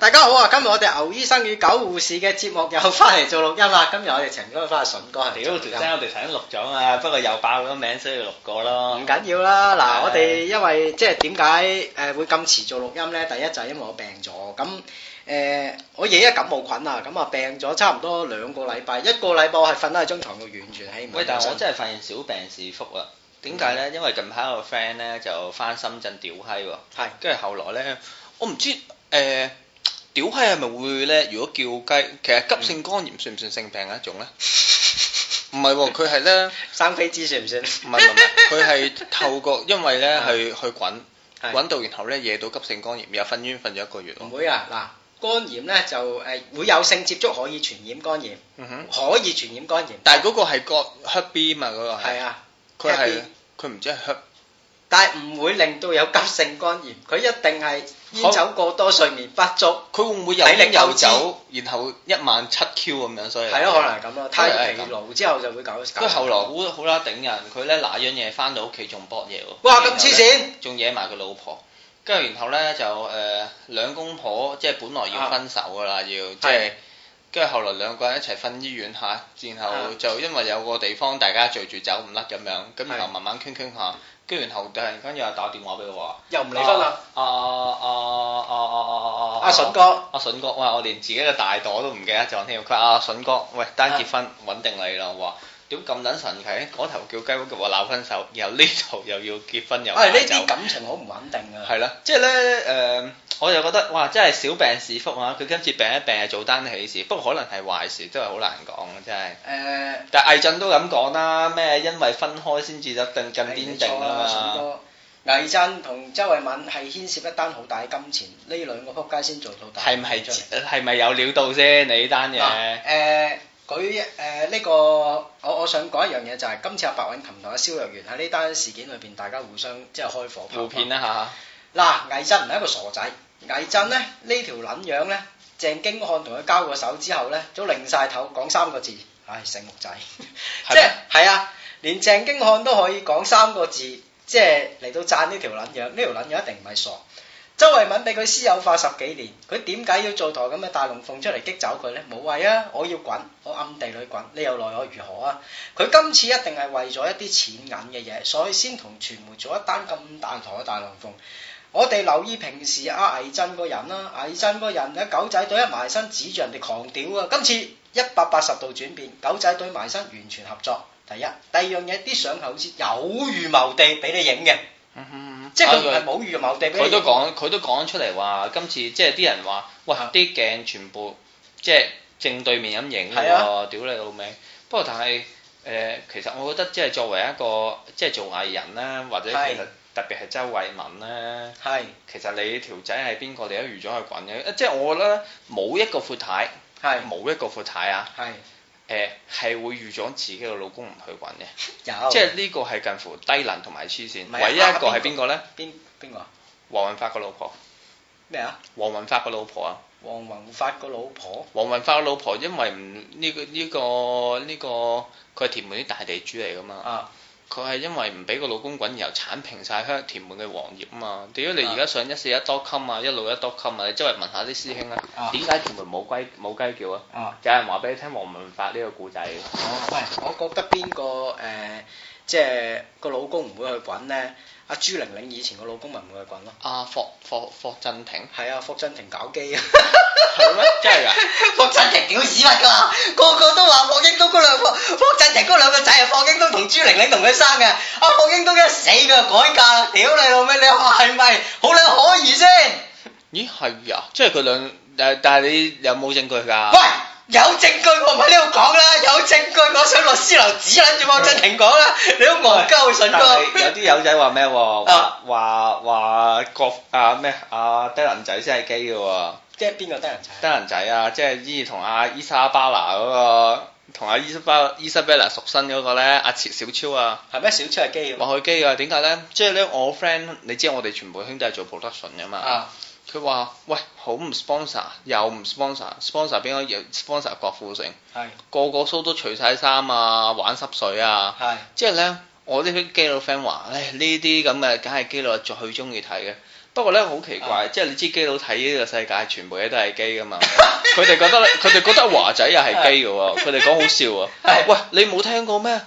大家好啊！今日我哋牛醫生與狗護士嘅節目又翻嚟做錄音啦！今日我哋陳哥翻阿順哥，屌弟！嗯、我哋頭先錄咗啊，嗯、不過又爆咗名，所以要錄過咯。唔緊要啦！嗱的，我哋因為即係點解誒會咁遲做錄音咧？第一就係因為我病咗咁誒，我惹一感冒菌啊！咁、呃、啊病咗差唔多兩個禮拜，一個禮拜我係瞓喺張牀度完全起唔，喂、嗯！但係我真係發現小病是福啊！點解咧？嗯、因為近排我個 friend 咧就翻深圳屌閪喎，係跟住後來咧，我唔知誒。呃呃屌閪係咪會咧？如果叫雞，其實急性肝炎算唔算性病一種咧？唔係喎，佢係咧，生飛枝算唔算？唔係唔係，佢係透過因為咧去去滾滾到，然後咧惹到急性肝炎，又瞓冤瞓咗一個月。唔會啊！嗱，肝炎咧就誒會有性接觸可以傳染肝炎，嗯哼，可以傳染肝炎。但係嗰個係個 Hep B 嘛，嗰個係。係啊，佢係佢唔知係 Hep，但係唔會令到有急性肝炎，佢一定係。煙好酒過多，睡眠不足，佢會唔會又飲又酒，然後一晚七 Q 咁樣？所以係咯，可能係咁咯，太疲勞之後就會搞搞。跟住後來好啦，頂人，佢咧拿樣嘢翻到屋企仲搏嘢喎。哇！咁黐線，仲惹埋佢老婆，跟住然後咧就誒兩公婆，即係本來要分手噶啦，啊、要即係跟住後來兩個人一齊瞓醫院吓，然後就因為有個地方大家聚住走唔甩咁樣，跟住後慢慢傾傾下。跟然後突然間又打電話俾我話，又唔離、啊、婚啦、啊！啊啊啊啊啊啊啊！阿順哥，阿順哥，喂！我連自己嘅大袋都唔記得咗添。佢話阿順哥，喂，單結婚穩、啊、定你啦，話。點咁撚神奇？嗰、那個、頭叫雞都話鬧分手，然後呢頭又要結婚，又係呢啲感情好唔穩定啊！係啦，即係咧誒，我就覺得哇，真係小病是福啊！佢今次病一病係做單喜事，不過可能係壞事，欸、都係好難講真係誒，但係魏震都咁講啦，咩因為分開先至得定更堅定啊嘛！魏震同周慧敏係牽涉一單好大嘅金錢，呢兩個撲街先做到大，係唔係？係咪有料到先？你呢單嘢？誒、啊。欸舉誒呢個，我我想講一樣嘢就係今次阿白韻琴同阿蕭若元喺呢單事件裏邊，大家互相即係開火互片啦嚇。嗱，魏震唔係一個傻仔，魏震咧呢條撚樣咧，鄭京漢同佢交過手之後咧，都擰晒頭講三個字，唉、哎，醒目仔， 是嗎 即係係啊，連鄭京漢都可以講三個字，即係嚟到讚呢條撚樣，呢條撚樣一定唔係傻。周慧敏俾佢私有化十幾年，佢點解要做台咁嘅大龍鳳出嚟激走佢呢？冇謂啊！我要滾，我暗地裏滾，你又奈我如何啊？佢今次一定係為咗一啲錢銀嘅嘢，所以先同傳媒做一單咁大台嘅大龍鳳。我哋留意平時阿倪震個人啦，倪震個人喺狗仔隊一埋身指住人哋狂屌啊！今次一百八十度轉變，狗仔隊埋身完全合作。第一，第二樣嘢，啲相好似有預謀地俾你影嘅。嗯即係佢冇預謀，掉佢都講，佢都講咗出嚟話今次即係啲人話，喂啲是的 鏡全部即係正對面咁影嘅，屌你老味。不過但係誒、呃，其實我覺得即係作為一個即係做藝人啦，或者其實特別係周慧敏啦，係是的 其實你條仔係邊個？你都預咗去滾嘅，即係我覺得冇一個闊太，係冇是的 一個闊太啊，係。是的 誒係會預咗自己個老公唔去揾嘅，的即係呢個係近乎低能同埋痴線。是唯一一個係邊個呢？邊邊個啊？黃雲發個老婆咩啊？黃雲發個老婆啊？黃雲發個老婆。黃雲麼發個老，老，老婆因為唔呢個呢個呢個，佢、這、係、個這個、屯門啲大地主嚟㗎嘛。啊佢係因為唔俾個老公滾，然後剷平晒香田門嘅黃葉啊嘛。屌解你而家上一四一多襟啊，一路一多襟啊？你周圍問,問下啲師兄啊，點解屯門冇龜冇雞叫啊？啊有人話俾你聽黃文法呢個故仔、啊。喂，我覺得邊個誒，即、呃、係、就是、個老公唔會去滾呢。阿朱玲玲以前個老公咪唔愛滾咯，阿、啊、霍霍霍，霍振廷，係啊，霍振廷搞基、啊，係咩？ 真係啊！ 霍振廷屌屎忽啊！個個都話霍英東嗰兩霍霍振廷兩個仔啊，霍英東同朱玲玲同佢生嘅，阿、啊、霍英東一死嘅改嫁，屌你老味！你話係咪好捻可疑先？咦，係啊，即係佢兩，但但係你有冇證據噶？喂！有證據我唔喺呢度講啦，有證據我想落律師樓指捻住王振廷講啦，你都無家會信㗎。有啲友、啊啊啊、仔話咩喎？話話郭啊咩啊低蘭仔先係基嘅喎。即係邊個低蘭仔？低蘭仔啊！即係前同阿伊莎巴拿嗰個，同阿伊莎伊莎巴拿熟身嗰個咧，阿小超啊。係咩？小超係基嘅。話佢基㗎，點解咧？即係咧，我 friend，你知我哋全部兄弟係做 production 㗎嘛？啊、嗯。佢話：喂，好唔 sponsor，又唔 sponsor，sponsor 邊個？又 sponsor 郭富城。係是。個個 show 都除晒衫啊，玩濕水啊。係是。即係咧，我啲基佬 friend 話：唉，呢啲咁嘅，梗係基佬最中意睇嘅。不過咧，好奇怪，即係是你知基佬睇呢個世界全部嘢都係基噶嘛？佢哋 覺得，佢哋覺得華仔又係基噶，佢哋講好笑啊。是喂，你冇聽過咩？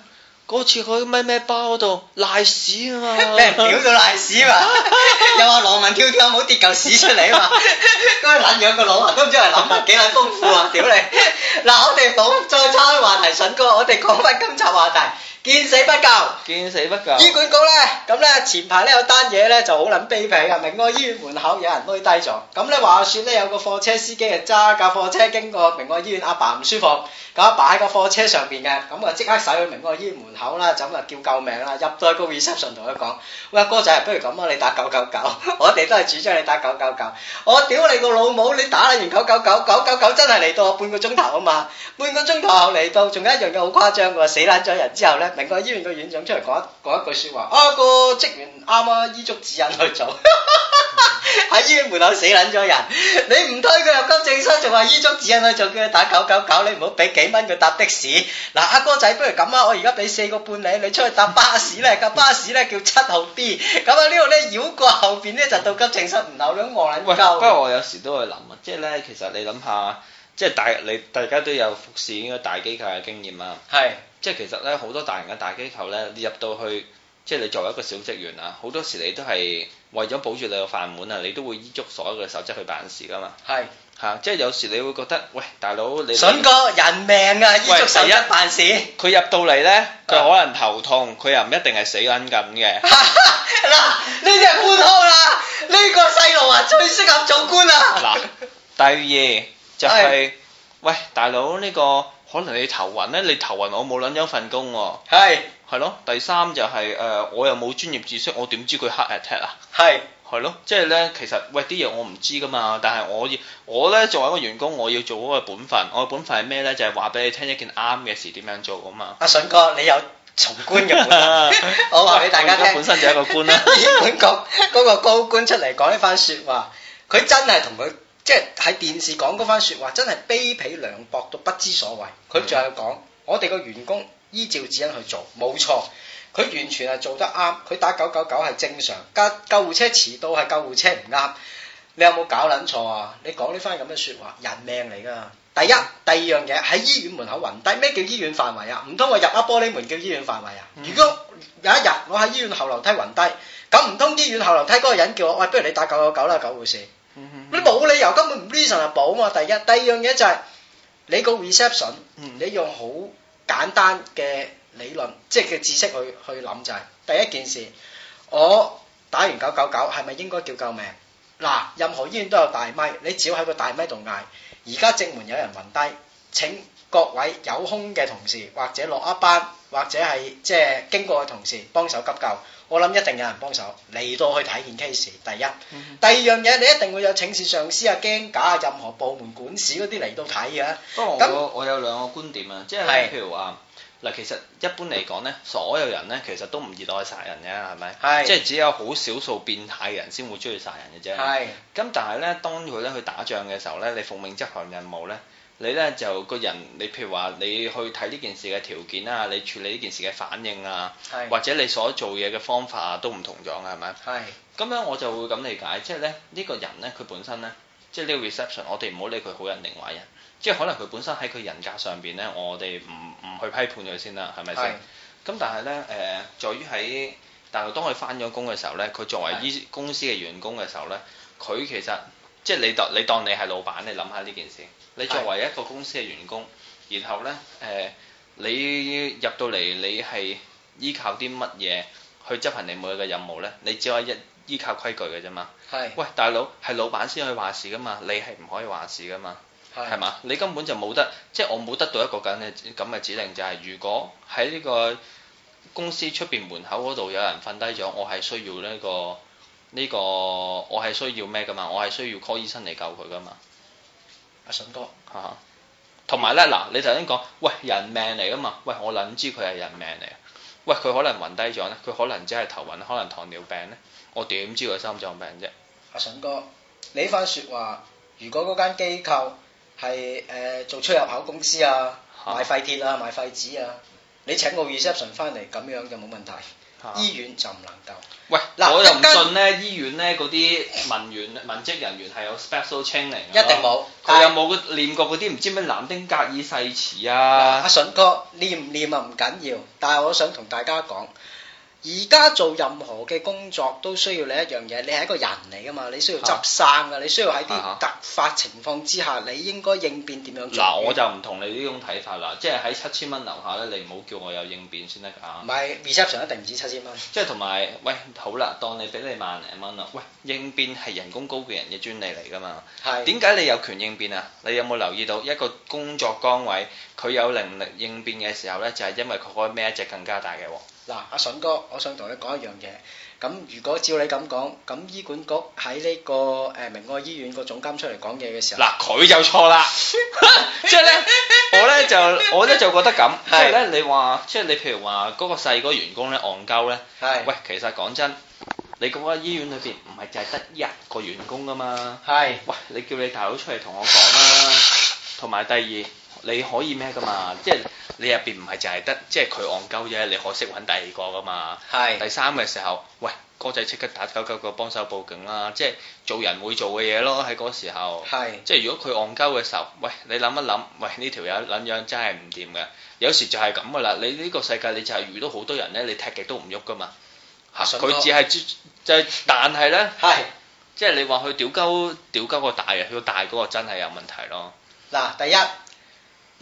嗰次佢咩咩包度瀨屎啊嘛，俾人屌到瀨屎啊嘛，又話羅文跳跳唔好跌嚿屎出嚟啊嘛，嗰個癲樣個佬啊，都唔知係諗幾閪豐富啊，屌你！嗱，我哋冇再岔開話題哥，順哥我哋講翻今集話題。見死不救，見死不救。醫管局咧，咁咧前排咧有單嘢咧就好捻卑鄙嘅，明愛醫院門口有人拉低咗，咁咧話說咧有個貨車司機啊，揸架貨車經過明愛醫院，阿爸唔舒服，咁阿爸喺個貨車上邊嘅，咁啊即刻駛去明愛醫院門口啦，就咁啊叫救命啦，入到去個 reception 同佢講，喂哥仔，不如咁啊，你打九九九，我哋都係主張你打九九九，我屌你個老母，你打完九九九九九九真係嚟到我半個鐘頭啊嘛，半個鐘頭後嚟到，仲有一樣嘢好誇張嘅，死捻咗人之後咧。另外，醫院個院長出嚟講一講一句説話，阿哥職員啱啱依足指引去做，喺 醫院門口死撚咗人。你唔推佢入急症室，仲話依足指引去做，叫佢打九九九，你唔好俾幾蚊佢搭的士。嗱、啊，阿哥仔，不如咁啊，我而家俾四個半你，你出去搭巴士咧，架 巴士咧叫七號 B。咁、這、啊、個，呢度咧繞過後邊咧就到急症室門口咧望緊。我喂，不過我有時都會諗啊，即係咧，其實你諗下，即係大你大家都有服侍呢個大機構嘅經驗啊。係。即係其實咧，好多大型嘅大機構咧，你入到去，即係你作為一個小職員啊，好多時你都係為咗保住你嘅飯碗啊，你都會依足所有嘅守則去辦事噶嘛。係是。嚇、嗯！即係有時你會覺得，喂，大佬你。順個人命啊，依足守則辦事。佢入到嚟咧，佢可能頭痛，佢又唔一定係死緊咁嘅。嗱，呢隻半空啦，呢個細路啊，啊這個、最適合做官啊。嗱 ，第二，就係、是，哎、喂，大佬呢、這個。這個這個可能你頭暈咧？你頭暈，我冇捻到份工喎、啊。係係是咯。第三就係、是、誒、呃，我又冇專業知識，我點知佢黑日貼啊？係係是咯。即係咧，其實喂啲嘢我唔知噶嘛。但係我要我咧作為一個員工，我要做嗰個本分。我嘅本分係咩咧？就係話俾你聽一件啱嘅事點樣做啊嘛。阿順、啊、哥，你有從官嘅本、啊、 我話俾大家聽。本身就一個官啦、啊。 本官嗰、那個高官出嚟講一番説話，佢真係同佢。即係喺電視講嗰番說話，真係卑鄙涼薄到不知所謂。佢仲係講、嗯、我哋個員工依照指引去做，冇錯。佢完全係做得啱，佢打九九九係正常。架救護車遲到係救護車唔啱。你有冇搞捻錯啊？你講呢番咁嘅說話，人命嚟噶。嗯、第一、第二樣嘢喺醫院門口暈低，咩叫醫院範圍啊？唔通我入啊玻璃門叫醫院範圍啊？嗯、如果有一日我喺醫院後樓梯暈低，咁唔通醫院後樓梯嗰個人叫我喂、哎，不如你打九九九啦，九護士。」你冇理由根本唔 listen 啊！嘛，第一第二樣嘢就係、是、你個 reception，你用好簡單嘅理論，即係嘅知識去去諗就係、是、第一件事，我打完九九九係咪應該叫救命？嗱，任何醫院都有大咪，你只要喺個大咪度嗌，而家正門有人暈低，請。各位有空嘅同事，或者落一班，或者係即係經過嘅同事幫手急救，我諗一定有人幫手嚟到去睇件 case。第一，第二樣嘢你一定會有請示上司啊、驚假啊、任何部門管事嗰啲嚟到睇嘅。不過我我有兩個觀點啊，即係譬如話嗱，其實一般嚟講咧，所有人咧其實都唔熱愛殺人嘅，係咪？係。即係只有好少數變態嘅人先會鍾意殺人嘅啫。係。咁但係咧，當佢咧去打仗嘅時候咧，你奉命執行任務咧。你咧就個人，你譬如話你去睇呢件事嘅條件啊，你處理呢件事嘅反應啊，是或者你所做嘢嘅方法啊，都唔同咗啊，係咪是？係。咁樣我就會咁理解，即係咧呢、呢個人咧，佢本身咧，即係呢個 reception，我哋唔好理佢好人定壞人，即係可能佢本身喺佢人格上邊咧，我哋唔唔去批判佢先啦，係咪先？咁是但係咧誒，呃、於在於喺，但係當佢返咗工嘅時候咧，佢作為依公司嘅員工嘅時候咧，佢是其實。即係你，你當你當係老闆，你諗下呢件事。你作為一個公司嘅員工，的然後呢，誒、呃，你入到嚟你係依靠啲乜嘢去執行你每日嘅任務呢？你只可以依靠規矩嘅啫嘛。的喂，大佬，係老闆先可以話事噶嘛？你係唔可以話事噶嘛？係的。嘛？你根本就冇得，即係我冇得到一個咁嘅咁嘅指令，就係、是、如果喺呢個公司出邊門口嗰度有人瞓低咗，我係需要呢、這、一個。呢個我係需要咩噶嘛？我係需要 call 醫生嚟救佢噶嘛？阿信哥，嚇、啊，同埋咧嗱，你頭先講喂，人命嚟噶嘛？喂，我點知佢係人命嚟？喂，佢可能暈低咗咧，佢可能只係頭暈，可能糖尿病咧，我點知佢心臟病啫？阿信哥，你番説話，如果嗰間機構係、呃、做出入口公司啊，賣廢鐵啊，賣廢紙啊，你請個 reception 翻嚟，咁樣就冇問題。醫院就唔能夠喂，嗱，啦我又唔信咧，跟醫院咧嗰啲文員文職人員係有 special training 嘅、啊、一定冇佢有冇但念過嗰啲唔知咩南丁格爾誓詞啊？阿、啊、順哥念唔念啊唔緊要，但係我想同大家講。而家做任何嘅工作都需要你一樣嘢，你係一個人嚟噶嘛？你需要執生噶，啊、你需要喺啲突發情況之下，啊、你應該應變點樣做？嗱，我就唔同你呢種睇法啦，即係喺七千蚊樓下咧，你唔好叫我有應變先得噶。唔係，reception 一定唔止七千蚊。即係同埋，喂，好啦，當你俾你萬零蚊啦，喂，應變係人工高嘅人嘅專利嚟噶嘛？係是。點解你有權應變啊？你有冇留意到一個工作崗位佢有能力應變嘅時候呢，就係、是、因為佢嗰咩一隻更加大嘅鑊？嗱，阿順哥，我想同你講一樣嘢。咁如果照你咁講，咁醫管局喺呢個誒明愛醫院個總監出嚟講嘢嘅時候，嗱，佢就錯啦。即係咧，我咧就我咧就覺得咁。即係咧，你話即係你譬如話嗰，那個細嗰個員工咧，戇鳩咧。係是。喂，其實講真，你嗰個醫院裏邊唔係就係得一個員工噶嘛。係是。喂，你叫你大佬出嚟同我講啦。同埋第二。你可以咩噶嘛？即係你入邊唔係淨係得，即係佢戇鳩啫。你可識揾第二個噶嘛？係是。第三嘅時候，喂哥仔勾勾勾勾、啊，即刻打九九個幫手報警啦！即係做人會做嘅嘢咯。喺嗰時候，係是。即係如果佢戇鳩嘅時候，喂你諗一諗，喂呢條友捻樣真係唔掂嘅。有時就係咁噶啦。你呢個世界你就係遇到好多人咧，你踢極都唔喐噶嘛。佢只係就係、是，但係咧，係是。即係你話佢屌鳩屌鳩個大嘅，佢個大嗰個真係有問題咯。嗱，第一。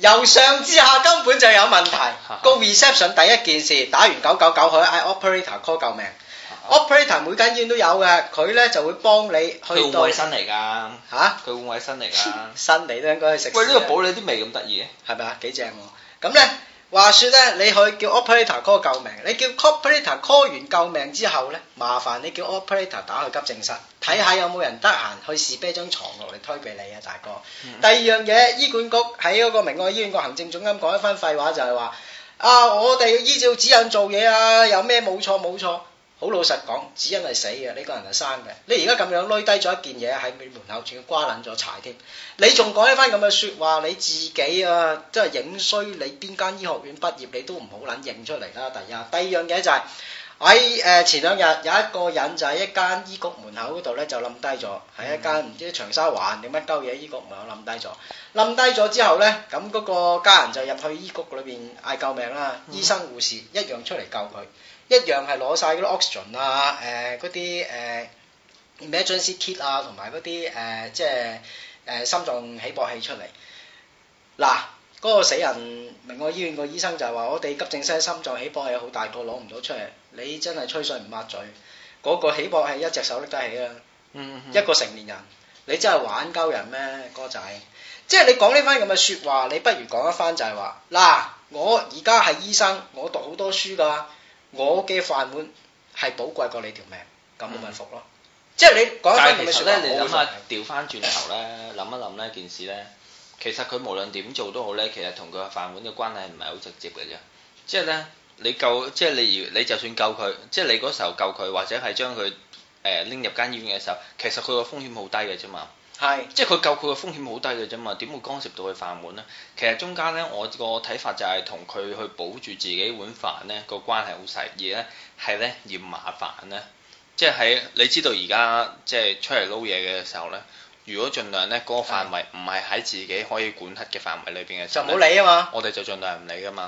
由上至下根本就有問題。 個 reception 第一件事打完九九九去嗌 operator call 救命。 operator 每間醫院都有嘅，佢咧就會幫你去。佢換衞生嚟㗎。嚇、啊！佢換衞生嚟㗎。 新嚟都應該去食。喂，呢、這個保你啲味咁得意，係咪啊？幾正喎？咁咧。 話說咧，你去叫 operator call 救命，你叫 operator call 完救命之後咧，麻煩你叫 operator 打去急症室，睇下有冇人得閒去士啤張床落嚟推俾你啊，大哥。嗯。第二樣嘢，醫管局喺嗰個明愛醫院個行政總監講一番廢話就係話啊，我哋依照指引做嘢啊，有咩冇錯冇錯。好老實講，只因係死嘅呢個人係生嘅。你而家咁樣攞低咗一件嘢喺你門口，仲要瓜撚咗柴添。你仲講一番咁嘅説話，你自己啊，真係影衰你邊間醫學院畢業，你都唔好撚認出嚟啦。第一，第二樣嘢就係喺誒前兩日有一個人就喺一間醫局門口度咧就冧低咗，喺、嗯、一間唔知長沙灣定乜鳩嘢醫局門口冧低咗。冧低咗之後咧，咁嗰個家人就入去醫局裏邊嗌救命啦，嗯、醫生護士一樣出嚟救佢。一樣係攞晒嗰啲 oxygen 啊，誒嗰啲誒 emergency kit 啊，同埋嗰啲誒即係誒、呃、心臟起搏器出嚟。嗱，嗰、嗰個死人明愛醫院個醫生就係話：我哋急症室心臟起搏器好大個，攞唔到出嚟。你真係吹水唔抹嘴。嗰、嗰個起搏器一隻手拎得起啦、啊，嗯嗯一個成年人，你真係玩鳩人咩？哥仔，即係你講呢番咁嘅説話，你不如講一番就係話：嗱，我而家係醫生，我讀好多書㗎。啊。我嘅飯碗係寶貴過你條命，咁咪服咯。即係你講翻。但係其實咧，你諗下調翻轉頭咧，諗一諗呢件事咧，其實佢無論點做都好咧，其實同佢嘅飯碗嘅關係唔係好直接嘅啫。即係咧，你救即係你，你就算救佢，即係你嗰時候救佢，或者係將佢誒拎入間醫院嘅時候，其實佢個風險好低嘅啫嘛。係，即係佢救佢個風險好低嘅啫嘛，點會干涉到佢飯碗呢？其實中間呢，我個睇法就係同佢去保住自己碗飯呢個關係好細，而咧係呢，嫌麻煩呢，即係喺你知道而家即係出嚟撈嘢嘅時候呢，如果盡量呢嗰個範圍唔係喺自己可以管轄嘅範圍裏邊嘅時候，就唔好理啊嘛。我哋就盡量唔理㗎嘛。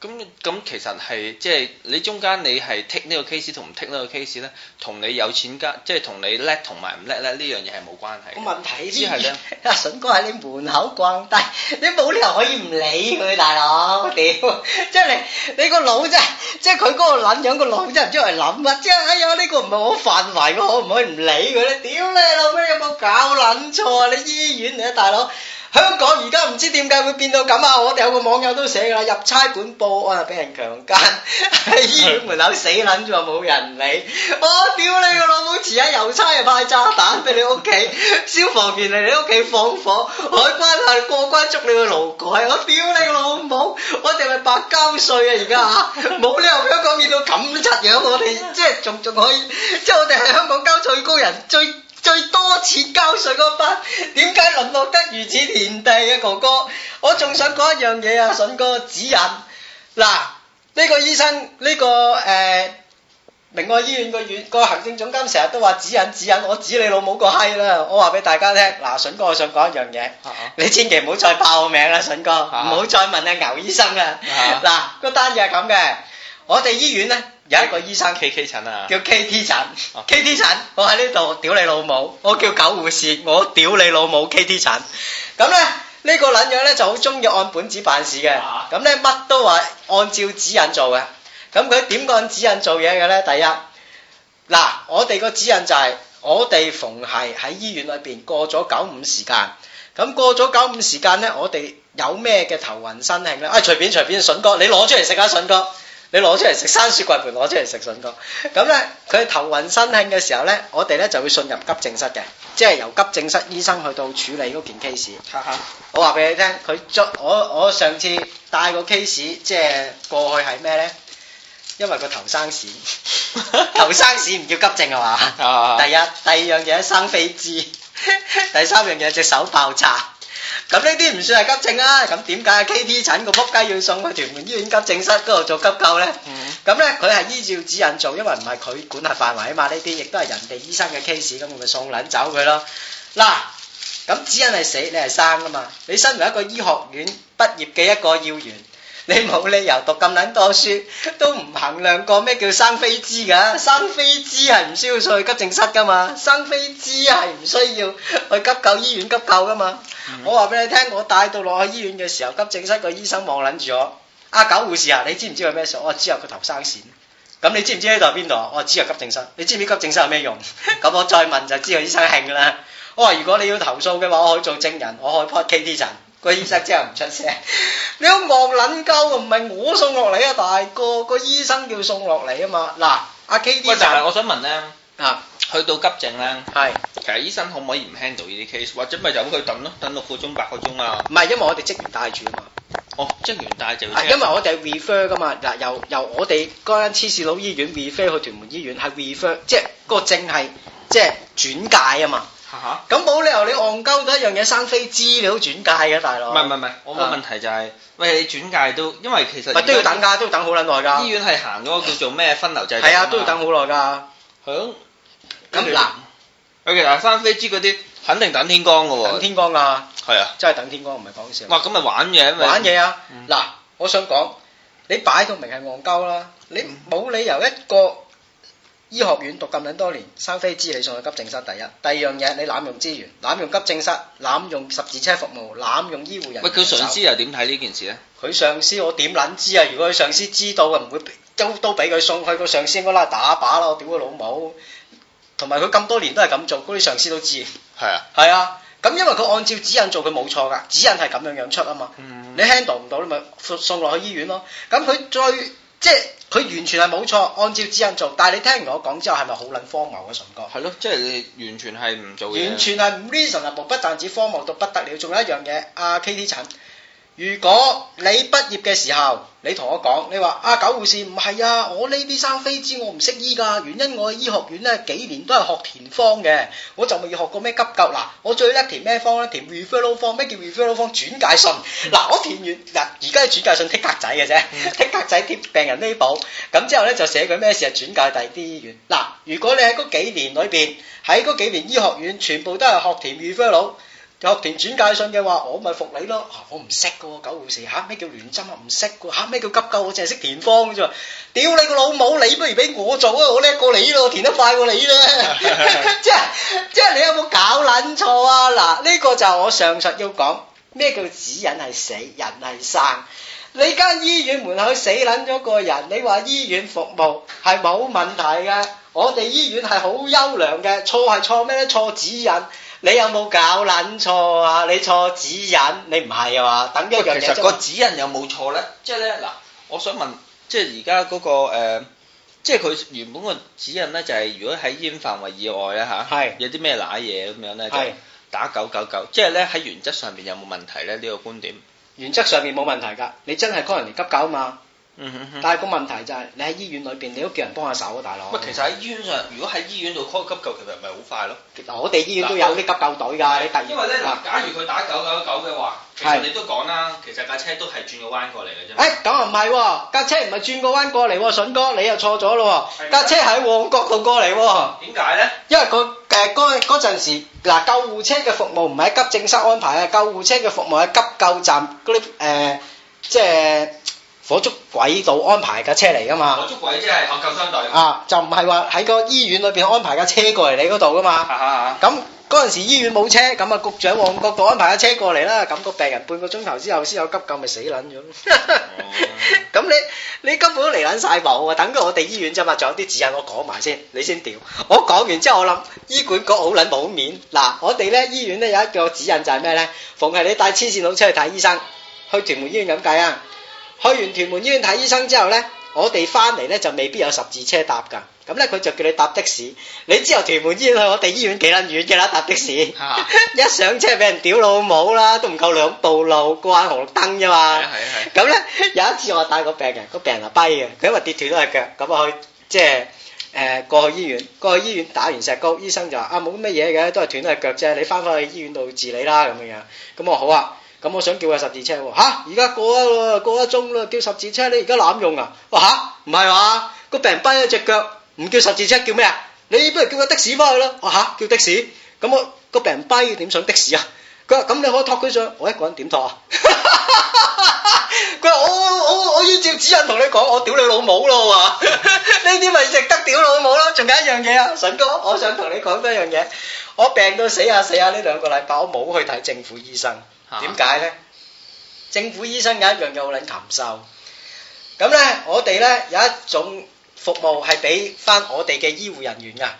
咁咁、嗯嗯、其實係即係你中間你係 take 呢個 case 同唔 take 呢個 case 咧，同你有錢家即係同你叻同埋唔叻咧，呢樣嘢係冇關係嘅。問題先係咧，阿筍哥喺你門口逛低，但係你冇理由可以唔理佢大佬。屌， 即係你你個腦真係，即係佢嗰個撚樣個腦真係唔知係諗啊！即係哎呀，呢個唔係我範圍，我可唔可以唔理佢咧？屌你老味有冇搞撚錯啊？你，你醫院你啊大佬！香港而家唔知點解會變到咁啊！我哋有個網友都寫噶啦，入差館報案俾人強奸，喺醫院門口死撚住話冇人理。我、哦、屌你個老母！遲下郵差又派炸彈俾你屋企，消防員嚟你屋企放火，海關係過關捉你去勞改。我、哦、屌你個老母！我哋咪白交稅啊！而家嚇冇理由香港變到咁柒樣，我哋即係仲仲可以，即係我哋係香港交稅高人最。最多次交稅嗰班，點解淪落得如此田地嘅、啊、哥哥？我仲想講一樣嘢啊，筍哥指引。嗱，呢、呢個醫生呢、呢個誒明愛醫院個院個行政總監成日都話指引指引，我指你老母個閪啦！我話俾大家聽，嗱，筍哥我想講一樣嘢，啊、你千祈唔好再爆我名啦、啊，筍哥，唔好、啊、再問阿、啊、牛醫生啦。嗱、啊，個單嘢係咁嘅。我哋醫院咧有一個醫生 K K 診啊，叫 K T 診、oh.，K T 診，我喺呢度屌你老母，我叫狗護士，我屌你老母 K T 診，咁咧呢、呢個捻樣咧就好中意按本子辦事嘅，咁咧乜都話按照指引做嘅，咁佢點按指引做嘢嘅咧？第一，嗱，我哋個指引就係、是、我哋逢係喺醫院裏邊過咗九五時間，咁過咗九五時間咧，我哋有咩嘅頭暈身慶咧？啊、哎，隨便隨便筍哥，你攞出嚟食啊，筍哥。你攞出嚟食生雪櫃，盤攞出嚟食筍哥。咁咧佢頭暈身㷫嘅時候咧，我哋咧就會送入急症室嘅，即係由急症室醫生去到處理嗰件 case。哈哈， 我話俾你聽，佢做我我上次帶個 case 即係過去係咩咧？因為個頭生屎， 頭生屎唔叫急症係嘛？ 第一，第二樣嘢生痱滋，第三樣嘢隻手爆炸。咁呢啲唔算係急症啊？咁點解 K T 診個仆街要送去屯門醫院急症室嗰度做急救呢？咁、mm hmm. 呢，佢係依照指引做，因為唔係佢管轄範圍㗎嘛，起碼呢啲亦都係人哋醫生嘅 case，咁我咪送撚走佢咯。嗱，咁指引係死，你係生噶嘛？你身為一個醫學院畢業嘅一個要員。你冇理由讀咁撚多書，都唔衡量過咩叫生飛滋㗎？生飛滋係唔需要送去急症室㗎嘛？生飛滋係唔需要去急救醫院急救㗎嘛？Mm hmm. 我話俾你聽，我帶到落去醫院嘅時候，急症室個醫生望撚住我，阿、啊、狗護士啊，你知唔知佢咩事？我知有個頭生線。咁你知唔知呢度係邊度啊？我知有急症室。你知唔知急症室有咩用？咁 我再問就知道醫生興㗎啦。我話如果你要投訴嘅話，我可以做證人，我可以，以 put K T 值。個醫生即係唔出聲， 你都惡捻鳩啊，唔係 我送落嚟啊，大哥、 嗰個，個醫生叫送落嚟啊嘛。嗱，阿 K D，唔係，但係我想問咧，啊，去到急症咧，係是，其實醫生可唔可以唔 handle 呢啲 case，或者咪由佢等咯，等六個鐘八個鐘啊？唔係，因為我哋職員帶住啊嘛。哦，職員帶住。啊，因為我哋係 refer 噶嘛，嗱，由由我哋嗰間黐綫佬醫院 refer 去屯門醫院，係 refer，即係個症係即係轉介啊嘛。咁冇理由你戇鳩到一樣嘢生飛滋，你都轉介嘅大佬。唔係唔係唔係，我個問題就係，喂，你轉介都，因為其實都要等噶，都要等好撚耐㗎。醫院係行嗰叫做咩分流制度？係啊，都要等好耐㗎。係咁嗱，OK 嗱，生飛滋嗰啲，肯定等天光嘅喎。等天光㗎。係啊，真係等天光，唔係講笑。哇，咁咪玩嘢，玩嘢啊！嗱，我想講，你擺到明係戇鳩啦，你冇理由一個。醫學院讀咁捻多年，生非知你送去急症室第一。第二樣嘢你濫用資源，濫用急症室，濫用十字車服務，濫用醫護人員。喂，佢上司又點睇呢件事呢？佢上司我點捻知啊？如果佢上司知道嘅，唔會都都俾佢送去個上司應該拉打靶咯。屌佢老母！同埋佢咁多年都係咁做，嗰啲上司都知。係啊。係啊。咁因為佢按照指引做，佢冇錯噶，指引係咁樣樣出啊嘛。嗯。你 handle 唔到，你咪送送落去醫院咯。咁佢最。即係佢完全係冇錯，按照指引做。但係你聽完我講之後，係咪好捻荒謬嘅唇哥？係咯，即係你完全係唔做嘢，完全係唔 reasonable，不但止荒謬到不得了，仲有一樣嘢，啊 KT 陳。如果你畢業嘅時候，你同我講，你話啊，狗護士唔係啊，我呢啲生非知我唔識醫㗎。原因我醫學院咧幾年都係學填方嘅，我就冇要學過咩急救啦。我最叻填咩方咧？填 Referral 方，咩叫 Referral 方？轉介信嗱，我填完嗱，而家係轉介信剔格仔嘅啫，剔格仔貼病人呢薄，咁之後咧就寫佢咩事啊，轉介第啲醫院。嗱，如果你喺嗰幾年裏邊喺嗰幾年醫學院全部都係學填 Referral。學填轉介信嘅話，我咪服你咯！我唔識噶，狗護士吓咩叫聯針啊？唔識噶吓咩叫急救？我淨係識填方嘅啫。屌你個老母，你不如俾我做啊！我叻過你咯，填得快過你啦！ 即係即係你有冇搞撚錯啊？嗱，呢、這個就我上述要講咩叫指引係死人係生？你間醫院門口死撚咗個人，你話醫院服務係冇問題嘅，我哋醫院係好優良嘅，錯係錯咩咧？錯指引。你有冇搞捻錯啊？你錯指引，你唔係啊嘛？等於其實個指引有冇錯咧？即係咧嗱，我想問，即係而家嗰個誒、呃，即係佢原本個指引咧，就係、是、如果喺醫院範圍以外咧吓，係、啊、是有啲咩瀨嘢咁樣咧，就打九九九。即係咧喺原則上邊有冇問題咧？呢、這個觀點，原則上邊冇問題噶，你真係 call 人哋急救啊嘛。嗯嗯，但係個問題就係你喺醫院裏邊，你都叫人幫下手啊，大佬。喂，其實喺醫院上，如果喺醫院度 call 急救，其實唔係好快咯。其實，我哋醫院都有啲急救隊噶，啲突是因為咧，嗱，啊、假如佢打九九九嘅話，嗯、其實你都講啦，其實架車都係轉個彎過嚟嘅啫。誒、欸，咁啊唔係，架車唔係轉個彎過嚟、哦，筍哥你又錯咗咯。架嗎車喺旺角度過嚟、哦。點解咧？因為個誒嗰嗰陣時，嗱、呃，救護車嘅服務唔喺急症室安排啊，救護車嘅服務喺急救站啲誒，即係。呃就是火燭軌道安排架車嚟噶嘛？火燭軌即係急救生隊啊！就唔係話喺個醫院裏邊安排架車過嚟你嗰度噶嘛？啊咁嗰陣時醫院冇車，咁啊焗住喺旺角度安排架車過嚟啦。咁、那個病人半個鐘頭之後先有急救，咪死撚咗咯。咁、 啊、 你你根本嚟撚晒冇啊！等緊我哋醫院啫嘛，仲有啲指引我講埋先，你先調。我講完之後，我諗醫管局好撚冇面。嗱，我哋咧醫院咧有一個指引就係咩咧？逢係你帶黐線佬出去睇醫生，去屯門醫院咁計啊！去完屯門醫院睇醫生之後咧，我哋翻嚟咧就未必有十字車搭噶，咁咧佢就叫你搭的士。你之後屯門醫院去我哋醫院幾捻遠嘅啦，搭的士一上車俾人屌老母啦，都唔夠兩步路過下紅綠燈咋嘛？咁咧有一次我帶個病人，個病人啊跛嘅，佢因為跌斷咗隻腳，咁我去即係誒過去醫院，過去醫院打完石膏，醫生就話啊冇乜嘢嘅，都係斷咗隻腳啫，你翻返去醫院度治理啦咁樣樣。咁我好啊。咁我想叫個十字車，吓，而家過啊，啊過，過一鐘啦，叫十字車你而家濫用啊，我、啊、吓，唔係嘛，個病人跛咗隻腳，唔叫十字車叫咩啊？你不如叫個的士翻去啦，我、啊、吓，叫的士，咁我個病人跛點上的士啊？佢話咁你可以托佢上，我一個人點托啊？佢 話 我我我依照指引同你講，我屌你老母咯，呢啲咪值得屌老母咯？仲有一樣嘢啊，神哥，我想同你講多一樣嘢，我病到死下、啊、死下、啊、呢、啊、兩個禮拜，我冇去睇政府醫生。點解咧？政府醫生有一樣嘢好捻禽獸，咁咧我哋咧有一種服務係俾翻我哋嘅醫護人員噶，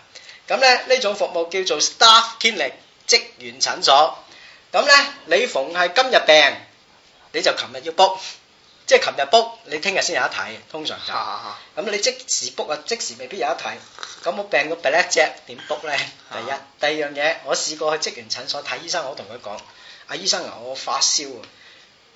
咁咧呢種服務叫做 staff clinic 職員診所，咁咧你逢係今日病，你就琴日要 book，即係琴日 book，你聽日先有得睇，通常就，咁你即時 book 啊，即時未必有得睇，咁我病個鼻塞只點 book 咧？第一，第二樣嘢，我試過去職員診所睇醫生，我同佢講。阿、啊、醫生啊，我發燒啊！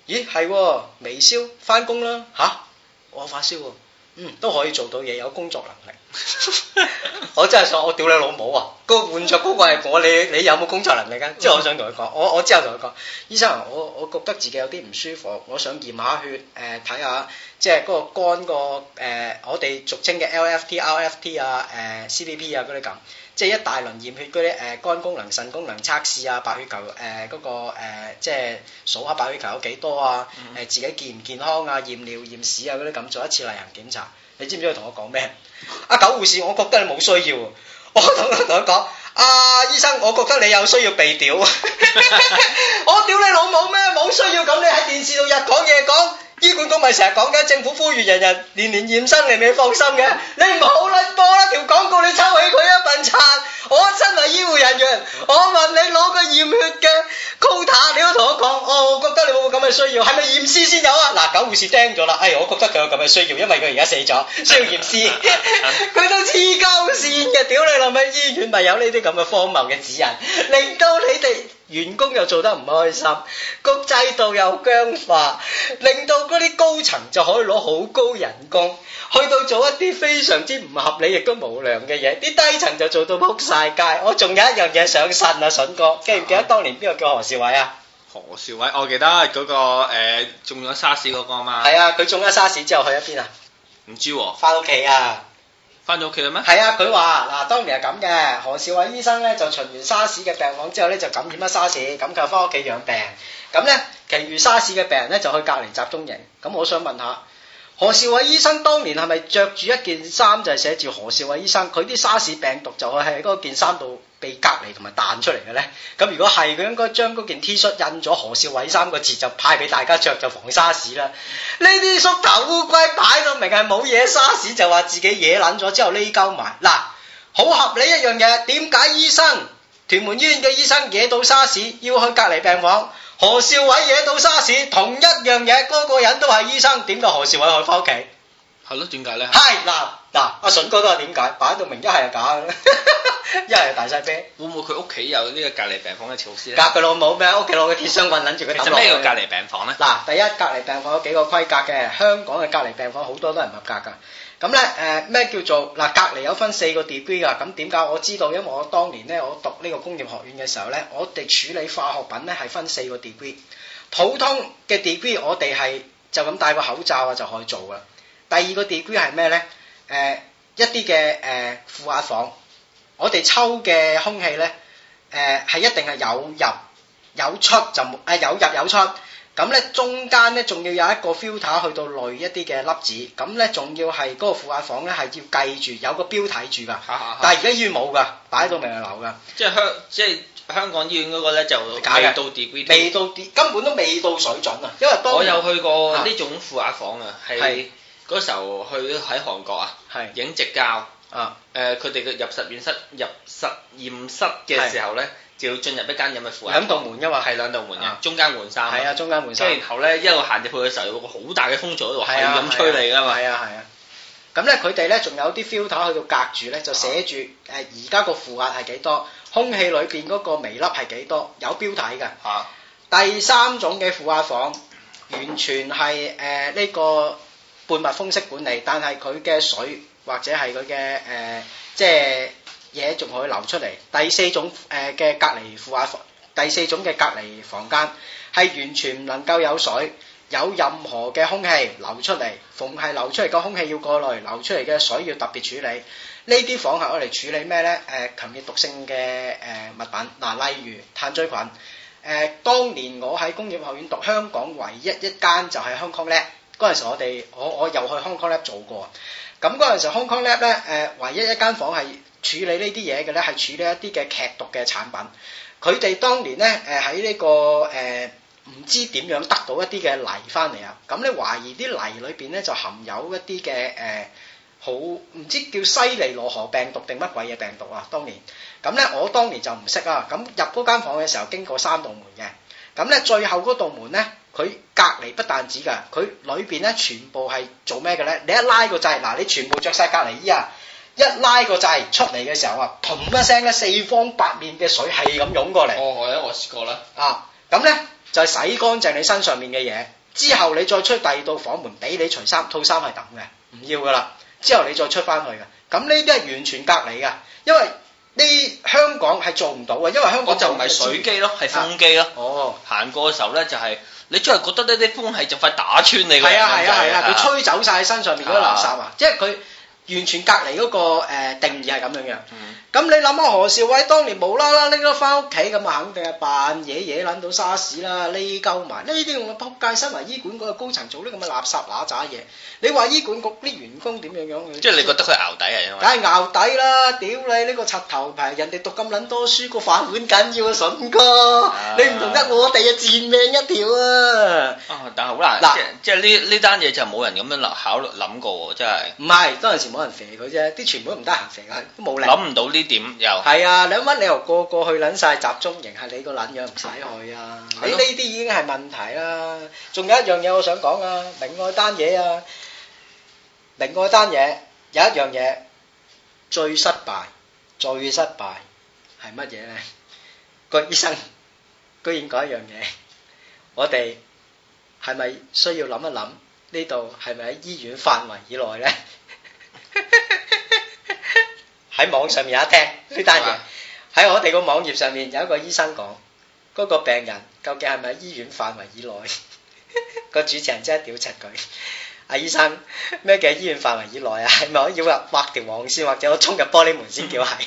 咦，係喎，微燒，翻工啦吓？啊、我發燒喎，啊，嗯都可以做到嘢，有工作能力。 我真係想我屌你老母啊！個換著嗰個係我，你你有冇工作能力啊？即係 我想同佢講，我我之後同佢講，醫生我我覺得自己有啲唔舒服，我想驗下血誒睇下即係嗰個肝個誒我哋俗稱嘅 LFT、RFT、呃、啊誒 CDP 啊嗰啲咁，即係一大輪驗血嗰啲誒肝功能、腎功能測試啊，白血球誒嗰、呃那個誒、呃、即係數下白血球有幾多啊？誒自己健唔健康啊？驗尿、驗屎啊嗰啲咁做一次例行檢查。你知唔知佢同我講咩？阿狗護士，我覺得你冇需要。我同佢講，啊，醫生，我覺得你有需要被屌。 我屌你老母咩？冇需要咁，你喺電視度日講夜講。醫管局咪成日講緊政府呼籲人人年年驗身令你放心嘅。你唔好卵播一條廣告，你抽起佢一份餐。我身為醫護人員，我問你攞個驗血嘅 quota 你都同我講、哦，我覺得你冇咁嘅需要，係咪驗屍先有啊？嗱，狗護士釘咗啦，哎，我覺得佢有咁嘅需要，因為佢而家死咗，需要驗屍，佢 都黐鳩線嘅。屌你林咪醫院咪有呢啲咁嘅荒謬嘅指引，令到你哋，員工又做得唔開心，個制度又僵化，令到嗰啲高層就可以攞好高人工，去到做一啲非常之唔合理亦都無良嘅嘢。啲低層就做到撲晒街。我仲有一樣嘢想問啊，筍哥、啊、記唔記得當年邊個叫何少偉啊？何少偉，我記得嗰、嗰個、呃、中咗沙士嗰個嘛。係啊，佢中咗沙士之後去咗邊啊？唔知喎，翻屋企啊！翻到屋企啦咩？係啊，佢話嗱，當年係咁嘅，何少偉醫生咧就巡完沙士嘅病房之後咧就感染咗沙士，咁佢翻屋企養病。咁咧，其餘沙士嘅病人咧就去隔離集中營。咁我想問下。何少偉醫生當年係咪着住一件衫就係寫住何少偉醫生？佢啲沙士病毒就會喺嗰件衫度被隔離同埋彈出嚟嘅咧？咁如果係佢應該將嗰件 T 恤印咗何少偉三個字就派俾大家着就防沙士啦。呢啲縮頭烏龜擺到明係冇嘢沙士就話自己惹捻咗，之後匿鳩埋嗱，好合理一樣嘢。點解，醫生屯門醫院嘅醫生惹到沙士要去隔離病房？何少偉惹到沙士，同一樣嘢，嗰、嗰個人都係醫生，點解何少偉可以翻屋企？係咯，點解咧？係嗱嗱阿順哥都係點解？擺到明一係又假，一 係大細啤，會唔會佢屋企有呢個隔離病房嘅措施？隔佢老母咩？屋企攞個鐵箱棍攬住佢啲，就咩叫隔離病房咧？嗱，第一隔離病房有幾個規格嘅，香港嘅隔離病房好多都係唔合格噶。咁咧，誒，咩叫做嗱，隔離有分四個 degree 㗎？咁點解我知道？因為我當年咧，我讀呢個工業學院嘅時候咧，我哋處理化學品咧，係分四個 degree。普通嘅 degree 我哋係就咁戴個口罩啊，就可以做啦。第二個 degree 係咩咧？誒、呃、一啲嘅誒負壓房，我哋抽嘅空氣咧，誒係一定係有入有出，呃、有入有出就冇有入有出。咁咧中間咧仲要有一個 filter 去到濾一啲嘅粒子，咁咧仲要係嗰個負壓房咧係要計住有個標睇住㗎，但係而家醫院冇㗎，擺到明流㗎，即係香即係香港醫院嗰個咧就解到 degree 未到，根本都未到水準啊，因為我有去過呢種負壓房啊，係嗰時候去喺韓國啊，影直教啊，誒佢哋嘅入實驗室入實驗室嘅時候咧。要進入一間咁嘅負壓，兩道門噶嘛，係兩道門嘅，啊、中間換衫，係啊，中間換衫，即係然後咧一路行入去嘅時候，有個好大嘅風槽喺度係咁吹你噶嘛，係啊，係啊，咁咧佢哋咧仲有啲 filter 去到隔住咧，就寫住誒而家個負壓係幾多，空氣裏邊嗰個微粒係幾多，有標題㗎，啊、第三種嘅負壓房完全係誒呢個半密封式管理，但係佢嘅水或者係佢嘅誒即係。呃即嘢仲可以流出嚟。第四種誒嘅隔離附下房，第四種嘅隔離房間係完全唔能夠有水有任何嘅空氣流出嚟。逢係流出嚟嘅空氣要過濾，流出嚟嘅水要特別處理。呢啲房係攞嚟處理咩咧？誒，強烈毒性嘅誒物品嗱，例如炭疽菌。誒，當年我喺工業學院讀，香港唯一一間就係 Hong Kong Lab。嗰陣時我哋我我又去 Hong Kong Lab 做過。咁嗰陣時 Hong Kong Lab 咧誒，唯一一間房係。處理呢啲嘢嘅咧，係處理一啲嘅劇毒嘅產品。佢哋當年咧、這個，誒喺呢個誒唔知點樣得到一啲嘅泥翻嚟啊！咁咧懷疑啲泥裏邊咧就含有一啲嘅誒好唔知叫西尼羅河病毒定乜鬼嘢病毒啊！當年咁咧，我當年就唔識啊！咁入嗰間房嘅時候，經過三道門嘅，咁咧最後嗰道門咧，佢隔離不但止㗎，佢裏邊咧全部係做咩嘅咧？你一拉個掣，嗱，你全部着晒隔離衣啊！一拉個掣出嚟嘅時候啊，嘭一聲咧，四方八面嘅水係咁湧過嚟。哦，我咧我試過啦。啊，咁咧就係洗乾淨你身上面嘅嘢，之後你再出第二道房門俾你除衫，套衫係抌嘅，唔要噶啦。之後你再出翻去嘅，咁呢啲係完全隔離噶，因為呢香港係做唔到嘅，因為香港就唔係水機咯，係風機咯。哦，行過嘅時候咧就係，你真係覺得呢啲風係就快打穿你個頭。係啊係啊係啊，佢吹走晒身上面嗰啲垃圾啊，即係佢。完全隔離嗰、那個誒、呃、定義係咁樣嘅。嗯咁你諗下何少偉當年無啦啦拎咗翻屋企，咁啊肯定係扮嘢嘢捻到沙士啦，呢鳩埋呢啲咁嘅撲街，身為醫管嗰個高層做啲咁嘅垃圾乸渣嘢，你話醫管局啲員工點樣樣啊？即係你覺得佢淆底係因為梗係淆底啦！屌你呢個柒頭，係人哋讀咁捻多書，個飯碗緊要啊，筍哥，啊、你唔同得我哋啊，賤命一條啊！但係好難喇即係呢呢單嘢就冇人咁樣考慮諗過喎，真係唔係，當陣時冇人射佢啫，啲全部都唔得閒射嘅，冇諗唔到呢。點又係啊，兩蚊你又個個去捻晒集中營，係你個捻樣唔使去啊！你呢啲已經係問題啦，仲有一樣嘢我想講啊，另外單嘢啊，另外單嘢有一樣嘢最失敗，最失敗係乜嘢呢？個醫生居然講一樣嘢，我哋係咪需要諗一諗呢度係咪喺醫院範圍以內呢？喺網上面有一聽呢單嘢，喺吧我哋個網頁上面有一個醫生講，嗰、那個病人究竟係咪醫院範圍以內？個 主持人真係屌柒佢，阿、 啊、醫生咩叫醫院範圍以內啊？係咪我要入畫條網線，或者我衝入玻璃門先叫係？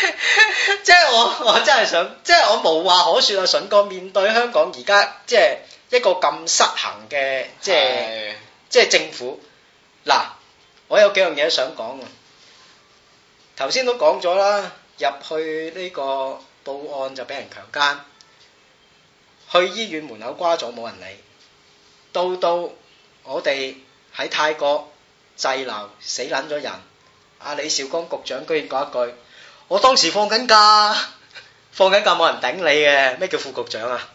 即係我我真係想，即係我無話可說啊！筍哥面對香港而家即係一個咁失衡嘅，即係是即係政府。嗱，我有幾樣嘢想講。.頭先都講咗啦，入去呢個報案就俾人強姦，去醫院門口瓜咗冇人理，到到我哋喺泰國滯留死捻咗人，阿李少光局長居然講一句：我當時放緊假，放緊假冇人頂你嘅咩叫副局長啊？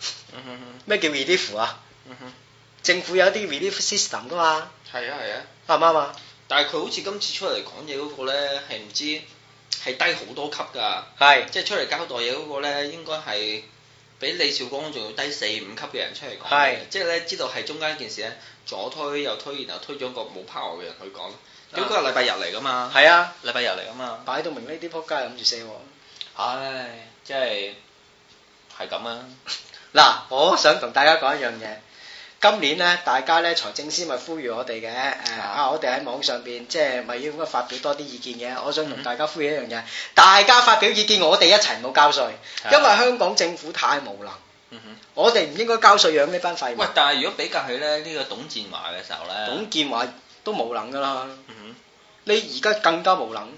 咩叫 relief 啊？政府有啲 relief system 噶嘛？係啊係啊，啱唔啱啊？啊吧但係佢好似今次出嚟講嘢嗰個呢，係唔知。係低好多級噶，係是即係出嚟交代嘢嗰個咧，應該係比李少光仲要低四五級嘅人出嚟講，係是即係咧，知道係中間一件事咧，左推右推，然後推咗個冇 power 嘅人去講，屌嗰是日禮拜日嚟噶嘛，係啊，禮拜日嚟噶嘛，擺到明呢啲仆街諗住死喎，唉、哎，即係係咁啊，嗱， 我想同大家講一樣嘢。今年咧，大家咧財政司咪呼籲我哋嘅，誒、呃、是的 啊！我哋喺網上邊即係咪要應該發表多啲意見嘅？我想同大家呼籲一樣嘢，是的 大家發表意見，我哋一齊冇交稅，是的 因為香港政府太無能。是的 我哋唔應該交稅養呢班廢物。喂，但係如果比較起咧呢個董建華嘅時候咧，董建華都冇能噶啦。是的 你而家更加無能。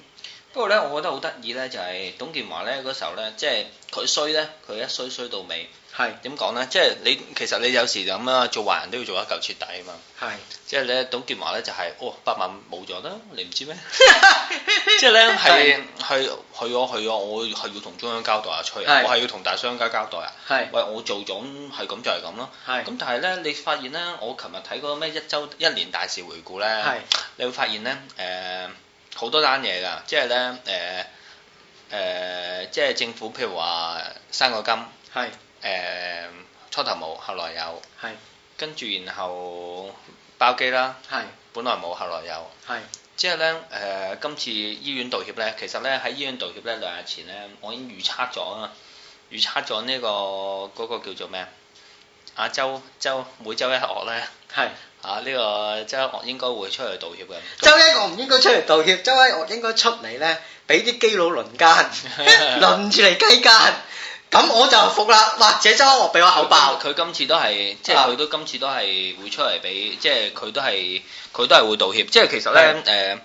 不過咧，我覺得好得意咧，就係、是、董建華咧嗰時候咧，即係佢衰咧，佢一衰衰到尾係點講咧？即係你其實你有時咁啊，做壞人都要做一嚿徹底啊嘛。係是即係咧，董建華咧就係、是、哦，八萬冇咗啦，你唔知咩？ 即係咧，係係是去咗、啊、去咗、啊，我係要同中央交代啊，出嚟是，我係要同大商家交代啊。係是喂，我做總係咁就係咁咯。係咁是，但係咧，你發現咧，我琴日睇嗰個咩一周一年大事回顧咧，是是你會發現咧，誒、呃。好多單嘢㗎，即係咧誒誒，即係政府譬如話生個金，係誒是、呃、初頭冇，後來有，係是跟住然後包機啦，係是本來冇，後來有，係是即係咧誒，今次醫院道歉咧，其實咧喺醫院道歉咧兩日前咧，我已經預測咗啊，預測咗呢、這個嗰、那個叫做咩啊？亞洲、洲每週一學咧，係。啊！呢、這個周一嶽應該會出嚟道歉嘅。周一嶽唔應該出嚟道歉，周 一嶽應該出嚟咧，俾啲基佬輪奸，輪住嚟雞奸，咁 我就服啦。或者周一嶽俾我口爆。佢今次都係，即係佢都今次都係會出嚟俾，啊、即係佢都係，佢都係會道歉。即係其實咧，誒是的、呃。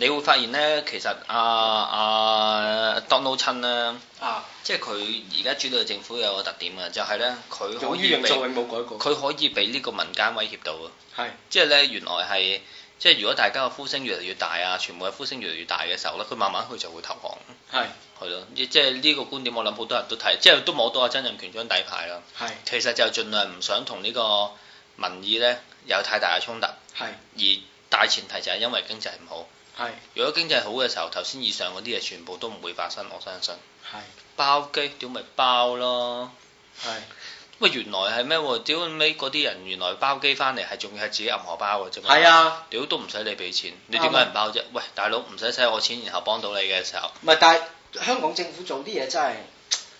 你會發現咧，其實阿阿、啊啊、Donald Tsang 咧、啊，即係佢而家主導嘅政府有個特點啊，就係咧佢可以佢可以俾呢個民間威脅到啊，係是即係咧，原來係即係如果大家嘅呼聲越嚟越大啊，全部嘅呼聲越嚟越大嘅時候咧，佢慢慢佢就會投降，係係咯，即係呢個觀點，我諗好多人都睇，即係都摸到曾蔭權張底牌啦，係是其實就盡量唔想同呢個民意咧有太大嘅衝突，係是而大前提就係因為經濟唔好。係，是如果經濟好嘅時候，頭先以上嗰啲嘢全部都唔會發生，我相信。係是包機，屌咪包咯。係是，喂，原來係咩喎？屌尾嗰啲人原來包機翻嚟係仲要係自己揼荷包嘅啫嘛。係啊，屌都唔使你俾錢，你點解唔包啫？吧喂，大佬唔使使我錢，然後幫到你嘅時候。唔係，但係香港政府做啲嘢真係，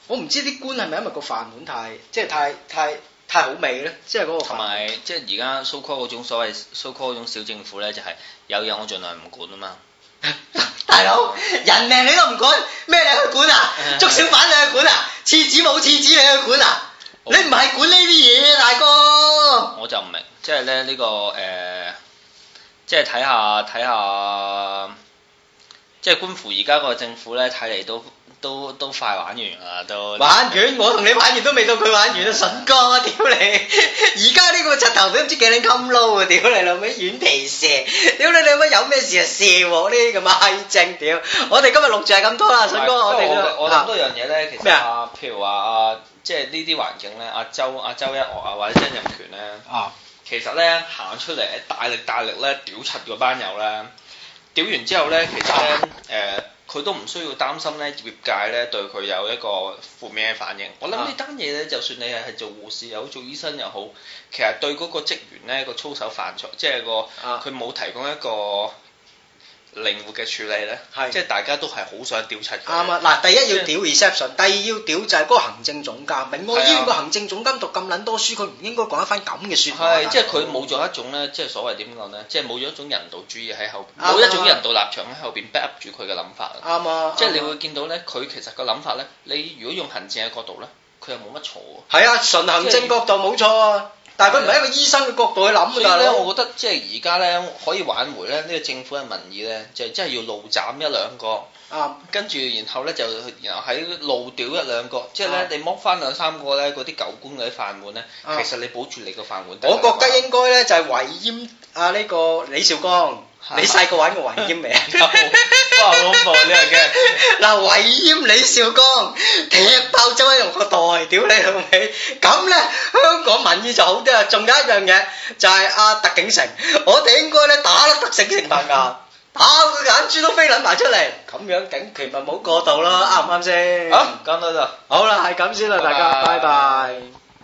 我唔知啲官係咪因為個飯碗太即係太太。太太太好味咧、就是！即係嗰個同埋，即係而家 so call 嗰種所謂 so call 嗰種小政府呢，就係、是、有嘢我盡量唔管啊嘛！ 大佬哥，嗯、人命你都唔管，咩你去管啊？嗯、捉小販你去管啊？廁紙冇廁紙你去管啊？嗯、你唔係管呢啲嘢，大哥！我就唔明，即係咧呢、這個誒、呃，即係睇下睇下，即係、就是、關乎而家個政府呢，睇嚟都。都都快玩完啦，都玩完卷 我同你玩完都未到，佢玩完啊！筍、嗯、哥，屌你！而家呢個柒頭都唔知幾撚襟撈啊！屌你老味軟皮蛇，屌你你老味有咩事啊？我呢咁閪正屌！我哋今日錄住係咁多啦，筍對哥，我哋我諗、啊、多樣嘢咧，其實啊，譬如話啊，即係呢啲環境咧，阿、啊、周阿、啊、周一岳啊，或者曾蔭權咧，啊，其實咧行出嚟大力大力咧屌柒嗰班友咧。屌完之後咧，其實咧，誒、呃，佢都唔需要擔心咧業界咧對佢有一個負面嘅反應。我諗呢單嘢咧，啊、就算你係係做護士又好，做醫生又好，其實對嗰個職員咧個操守範疇，即係個佢冇、啊、提供一個。靈活嘅處理咧，係，即係大家都係好想調查。啱啊！嗱，第一要屌 reception，第二要屌就係嗰個行政總監。明我醫院個行政總監讀咁撚多書，佢唔應該講一翻咁嘅說話。係，即係佢冇咗一種咧，即係所謂點講咧，即係冇咗一種人道主義喺後邊，冇一種人道立場喺後邊 back up 住佢嘅諗法。啱啊！即係你會見到咧，佢其實個諗法咧，你如果用行政嘅角度咧，佢又冇乜錯。係啊，純行政角度冇錯啊。但佢唔係一個醫生嘅角度去諗嘅，所以咧，我覺得即係而家咧，可以挽回咧呢個政府嘅民意咧，就真係要怒斬一兩個。啊！嗯、跟住，然後咧就，然後喺路屌一兩個，即係咧、嗯、你剝翻兩三個咧，嗰啲狗官嗰啲飯碗咧，嗯、其實你保住你個飯碗。我覺得應該咧就係圍閹啊！呢個李少光，嗯、你細個玩過圍閹未啊？哇！好恐怖，你係驚？嗱、 啊，圍閹李少光踢爆周一嶽個袋，屌你老尾！咁咧香港民意就好啲、就是、啊！仲有一樣嘢就係阿特警城，我哋應該咧打到特警城崩牙。啊！佢眼珠都飛撚埋出嚟，咁樣景氣咪冇過度咯，啱唔啱先？ 吧好，講到度， 好啦，係咁先啦，大家拜拜。